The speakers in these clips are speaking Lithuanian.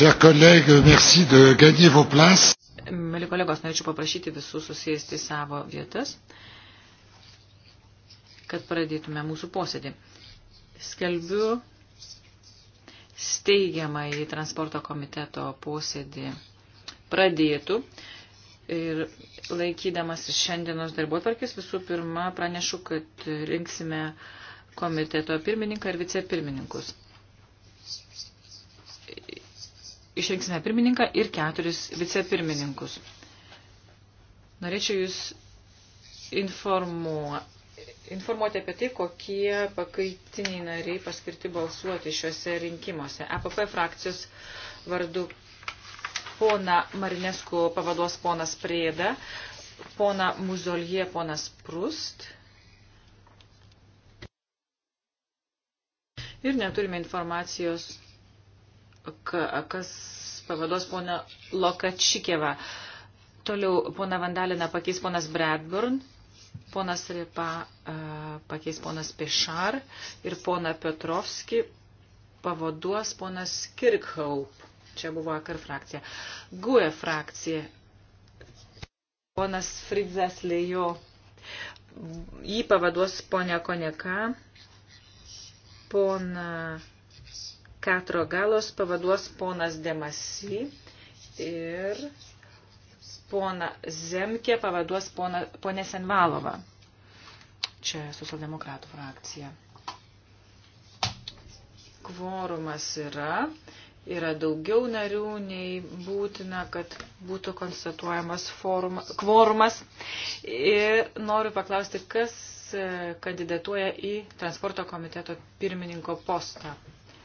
Chers collègues, merci de gagner vos places. Mėly kolegos, norėčiau paprašyti visų susėsti savo vietas, kad pradėtume mūsų posėdį. Skelbiu steigiamą į transporto komiteto posėdį pradėtų. Ir laikydamas šiandienos darbotvarkės visų pirma pranešu, kad rinksime komiteto pirmininką ir vicepirmininkus. išrinksime pirmininką ir keturis vicepirmininkus. Norėčiau Jūs informuo, informuoti apie tai, kokie pakaitiniai nariai paskirti balsuoti šiuose rinkimuose. EPP frakcijos vardu pona Marinesku pavaduos ponas Prėda, pona Muzolie ponas Prust. Ir neturime informacijos kas pavados pona Lokačikėva. Toliau pona Vandalina pakeis ponas Bradburn, ponas Ripa pakeis ponas Pešar ir pona Petrovski pavaduos ponas Kirkhaup. Čia buvo vakar frakcija. GUE frakcija. Ponas Fridzas Lejo. Jį pavaduos ponia Koneka. Pona Katro galos pavaduos ponas Demasi ir pona Zemkė pavaduos pona, ponė Senvalova. Čia socialdemokratų frakcija. Kvorumas yra, yra daugiau narių nei būtina, kad būtų konstatuojamas forma, kvorumas. Ir noriu paklausti, kas kandidatuoja į transporto komiteto pirmininko postą.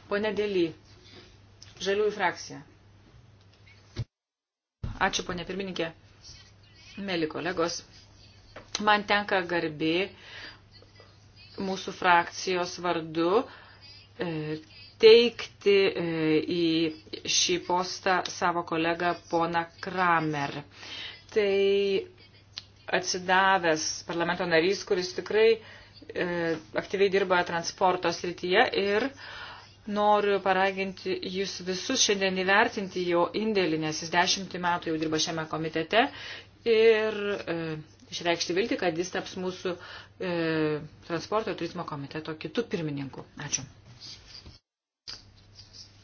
Pone Dėly, Žaliųjų frakcija. Ačiū, ponė pirmininkė. Mėly kolegos, man tenka garbė mūsų frakcijos vardu e, teikti e, į šį postą savo kolegą poną Kramer. Tai atsidavęs parlamento narys, kuris tikrai e, aktyviai dirba transporto srityje ir uh, noriu paraginti jūs visus šiandien įvertinti jo indėlį, nes jis dešimtį metų jau dirba šiame komitete ir e, išreikšti viltį, kad jis taps mūsų e, transporto ir turizmo komiteto kitų pirmininkų. Ačiū.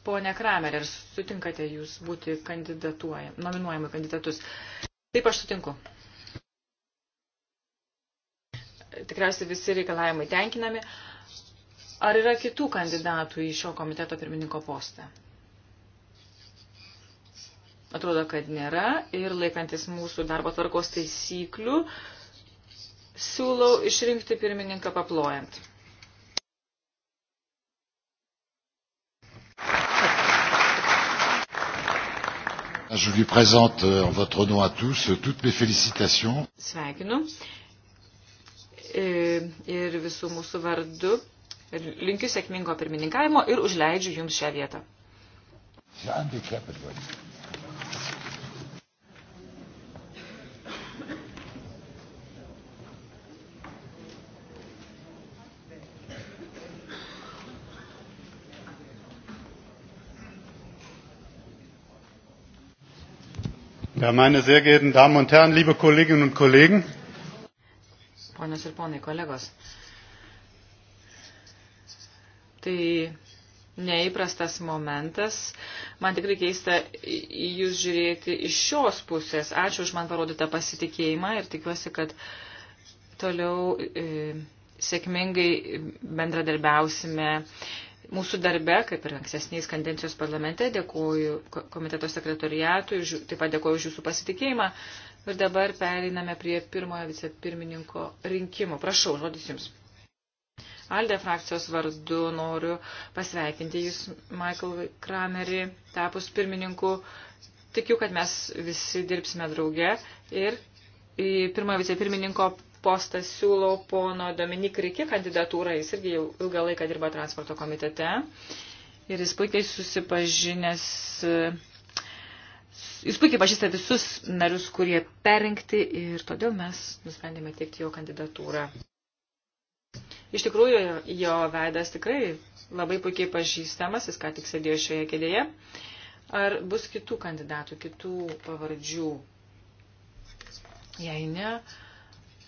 Pone Kramer, ar sutinkate jūs būti nominuojami kandidatus? Taip, aš sutinku. Tikriausiai visi reikalavimai tenkinami. E, Ar yra kitų kandidatų į šio komiteto pirmininko postą? Atrodo, kad nėra ir laikantis mūsų darbo tvarkos taisyklių, siūlau išrinkti pirmininką paplojant. Je lui présente euh, en votre nom à tous toutes mes félicitations. Sveikinu e, ir visų mūsų vardu Linkiu sėkmingo pirmininkavimo ir užleidžiu Jums šią vietą. Ja, meine sehr geehrten Damen und Herren, liebe Kolleginnen und Kollegen. Ponios ir ponai, kolegos. Tai neįprastas momentas. Man tikrai keista į jūs žiūrėti iš šios pusės. Ačiū už man parodytą pasitikėjimą ir tikiuosi, kad toliau e, sėkmingai bendradarbiausime mūsų darbe, kaip ir ankstesniais kandencijos parlamente. Dėkuoju komiteto sekretoriatui, taip pat dėkuoju už jūsų pasitikėjimą. Ir dabar pereiname prie pirmojo vicepirmininko rinkimų. Prašau, žodis jums. Aldė frakcijos vardu noriu pasveikinti Jūs, Michael Kramerį, tapus pirmininku. Tikiu, kad mes visi dirbsime drauge ir pirmojo vicepirmininko postą siūlau pono Dominik Riki kandidatūrą. Jis irgi jau ilgą laiką dirba transporto komitete ir jis puikiai susipažinęs. Jūs puikiai pažįsta visus narius, kurie perinkti ir todėl mes nusprendėme teikti jo kandidatūrą. Iš tikrųjų, jo veidas tikrai labai puikiai pažįstamas, jis ką tik sėdėjo šioje kėdėje. Ar bus kitų kandidatų, kitų pavardžių? Jei ne,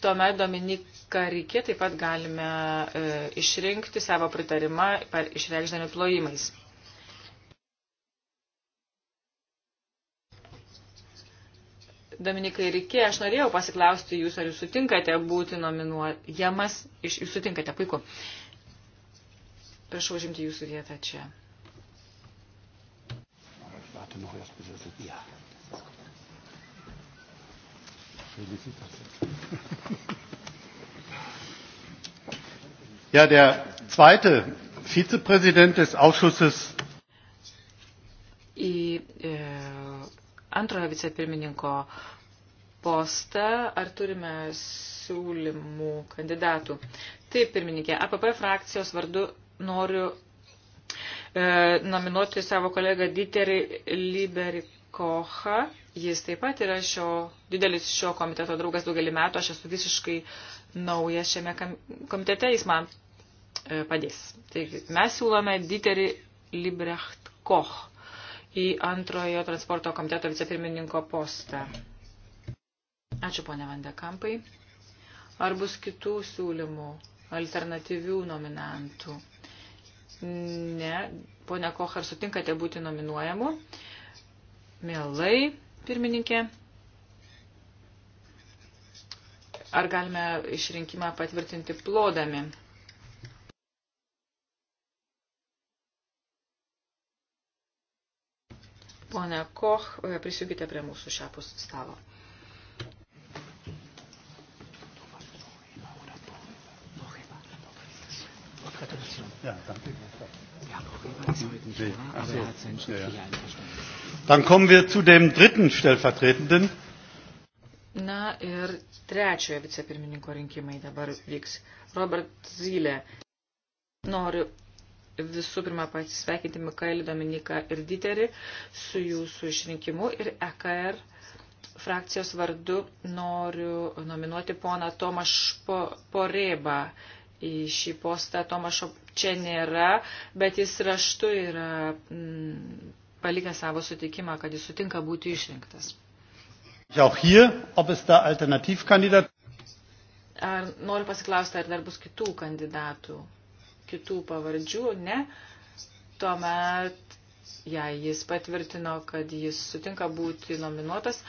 tuomet Dominiką Rikė taip pat galime e, išrinkti savo pritarimą išreikšdami plojimais. Dominikai Rikė, aš norėjau pasiklausti jūs, ar jūs sutinkate būti nominuojamas, iš, jūs sutinkate, puiku. Prašau žimti jūsų vietą čia. Er ja, der zweite Vizepräsident des Ausschusses antrojo vicepirmininko postą. Ar turime siūlymų kandidatų? Taip, pirmininkė, APP frakcijos vardu noriu e, nominuoti savo kolegą Dieterį Liberį Kochą. Jis taip pat yra šio, didelis šio komiteto draugas daugelį metų. Aš esu visiškai nauja šiame komitete. Jis man e, padės. Taigi, mes siūlome Dieterį Librecht Koch į antrojo transporto komiteto vicepirmininko postą. Ačiū, ponė Vandekampai. Ar bus kitų siūlymų, alternatyvių nominantų? Ne, ponė Koch, ar sutinkate būti nominuojamu? Mielai, pirmininkė. Ar galime išrinkimą patvirtinti plodami? Pone Koch, e, prisijungite prie mūsų šiapus stalo. Ja, danke. Ja, Horeba ist heute nicht da, aber er hat seinen schriftlichen ja, ja. Einverständnis. Dann kommen wir zu dem dritten Stellvertretenden. Na ir trečiojo vicepirmininko rinkimai dabar vyks. Robert Zylė. Noriu visų pirma pasveikinti Mikaelį Dominiką ir Diterį su jūsų išrinkimu ir EKR frakcijos vardu noriu nominuoti poną Tomaš Porėbą į šį postą. Tomašo čia nėra, bet jis raštu yra mm, palikęs savo sutikimą, kad jis sutinka būti išrinktas. Auch hier, ob es da Alternativkandidat... Ar noriu pasiklausti, ar dar bus kitų kandidatų? kitų pavardžių, ne, tuomet, jei jis patvirtino, kad jis sutinka būti nominuotas,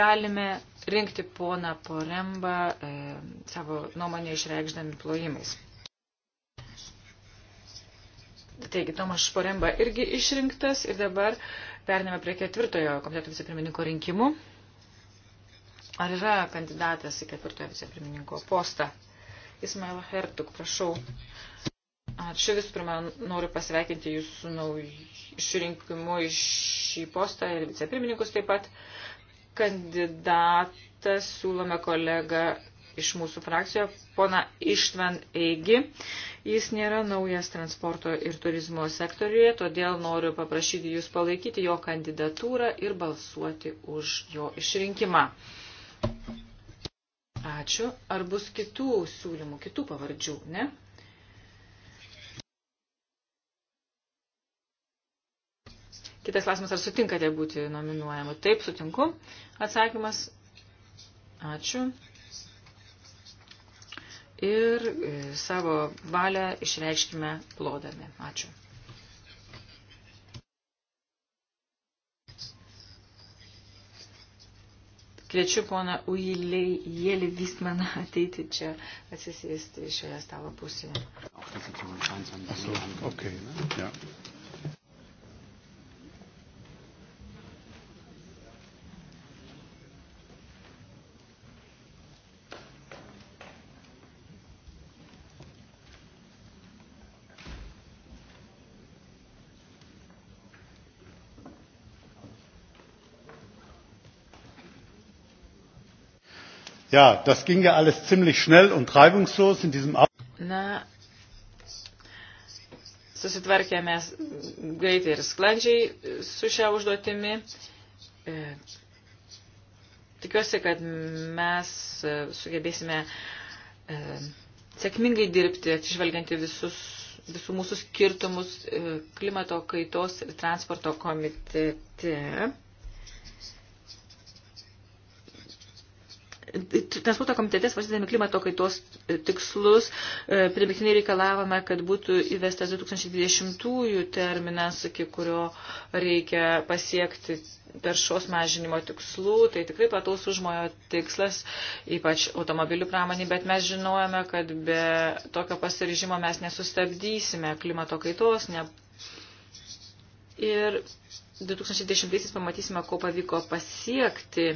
galime rinkti poną Porembą e, savo nuomonę išreikšdami plojimais. Taigi, Tomas Šporemba irgi išrinktas ir dabar pernėme prie ketvirtojo komiteto vicepirmininko rinkimų. Ar yra kandidatas į ketvirtojo vicepirmininko postą? Ismail Hertuk, prašau. Ačiū vis pirma, noriu pasveikinti jūsų išrinkimu iš šį postą ir vicepirmininkus taip pat. Kandidatą siūlome kolegą iš mūsų frakcijoje, pona Ištvan Eigi. Jis nėra naujas transporto ir turizmo sektoriuje, todėl noriu paprašyti jūs palaikyti jo kandidatūrą ir balsuoti už jo išrinkimą. Ačiū. Ar bus kitų siūlymų, kitų pavardžių, ne? Kitas klausimas, ar sutinkate būti nominuojamu? Taip, sutinku. Atsakymas, ačiū. Ir e, savo valią išreiškime plodami. Ačiū. Kviečiu poną Uiliai Jėlį Vysmaną ateiti čia atsisėsti šioje stalo pusėje. Okay. Yeah. Ja, das ging ja alles ziemlich schnell und reibungslos in diesem Na, susitvarkėme greitai ir sklandžiai e, su šia užduotimi. E, tikiuosi, kad mes e, sugebėsime sėkmingai dirbti, atsižvelgianti visus, visų mūsų skirtumus klimato kaitos ir transporto komitete. Transporto komitete svarstydami klimato kaitos e, tikslus, e, primiktinai reikalavome, kad būtų įvestas 2020-ųjų terminas, iki kurio reikia pasiekti taršos mažinimo tikslų. Tai tikrai plataus užmojo tikslas, ypač automobilių pramonį, bet mes žinojame, kad be tokio pasiryžimo mes nesustabdysime klimato kaitos. Ne... Ir 2010-aisiais pamatysime, ko pavyko pasiekti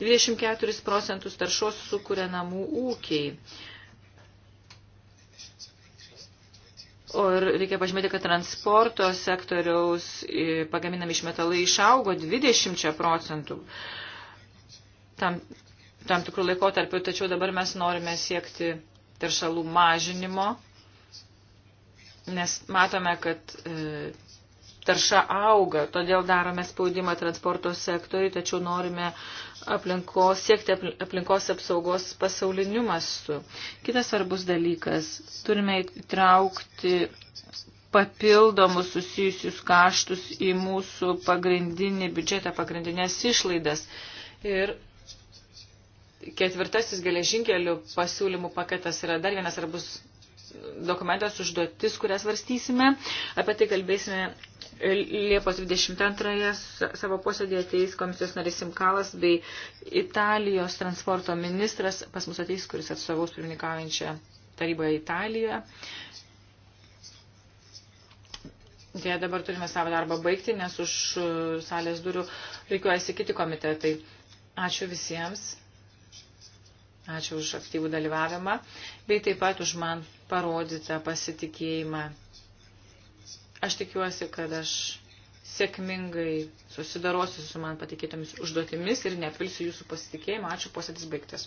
24 procentus taršos sukuria namų ūkiai. O ir reikia pažymėti, kad transporto sektoriaus e, pagaminami iš metalai išaugo 20 procentų tam, tam tikrų laikotarpių, tačiau dabar mes norime siekti teršalų mažinimo, nes matome, kad e, tarša auga, todėl darome spaudimą transporto sektoriui, tačiau norime aplinkos, siekti aplinkos apsaugos pasauliniu mastu. Kitas svarbus dalykas - turime įtraukti papildomus susijusius kaštus į mūsų pagrindinį biudžetą, pagrindinės išlaidas. Ir ketvirtasis geležinkelių pasiūlymų paketas yra dar vienas svarbus dokumentas, užduotis, kurias varstysime. Apie tai kalbėsime Liepos 22 savo posėdėje ateis komisijos narys Simkalas bei Italijos transporto ministras pas mus ateis, kuris atstovaus pirmininkaujančią taryboje Italijoje. Dėja, dabar turime savo darbą baigti, nes už salės durų reikiuojasi kiti komitetai. Ačiū visiems. Ačiū už aktyvų dalyvavimą, bei taip pat už man parodytą pasitikėjimą. Aš tikiuosi, kad aš sėkmingai susidarosiu su man patikėtomis užduotimis ir nepilsiu jūsų pasitikėjimą. Ačiū, posėdis baigtas.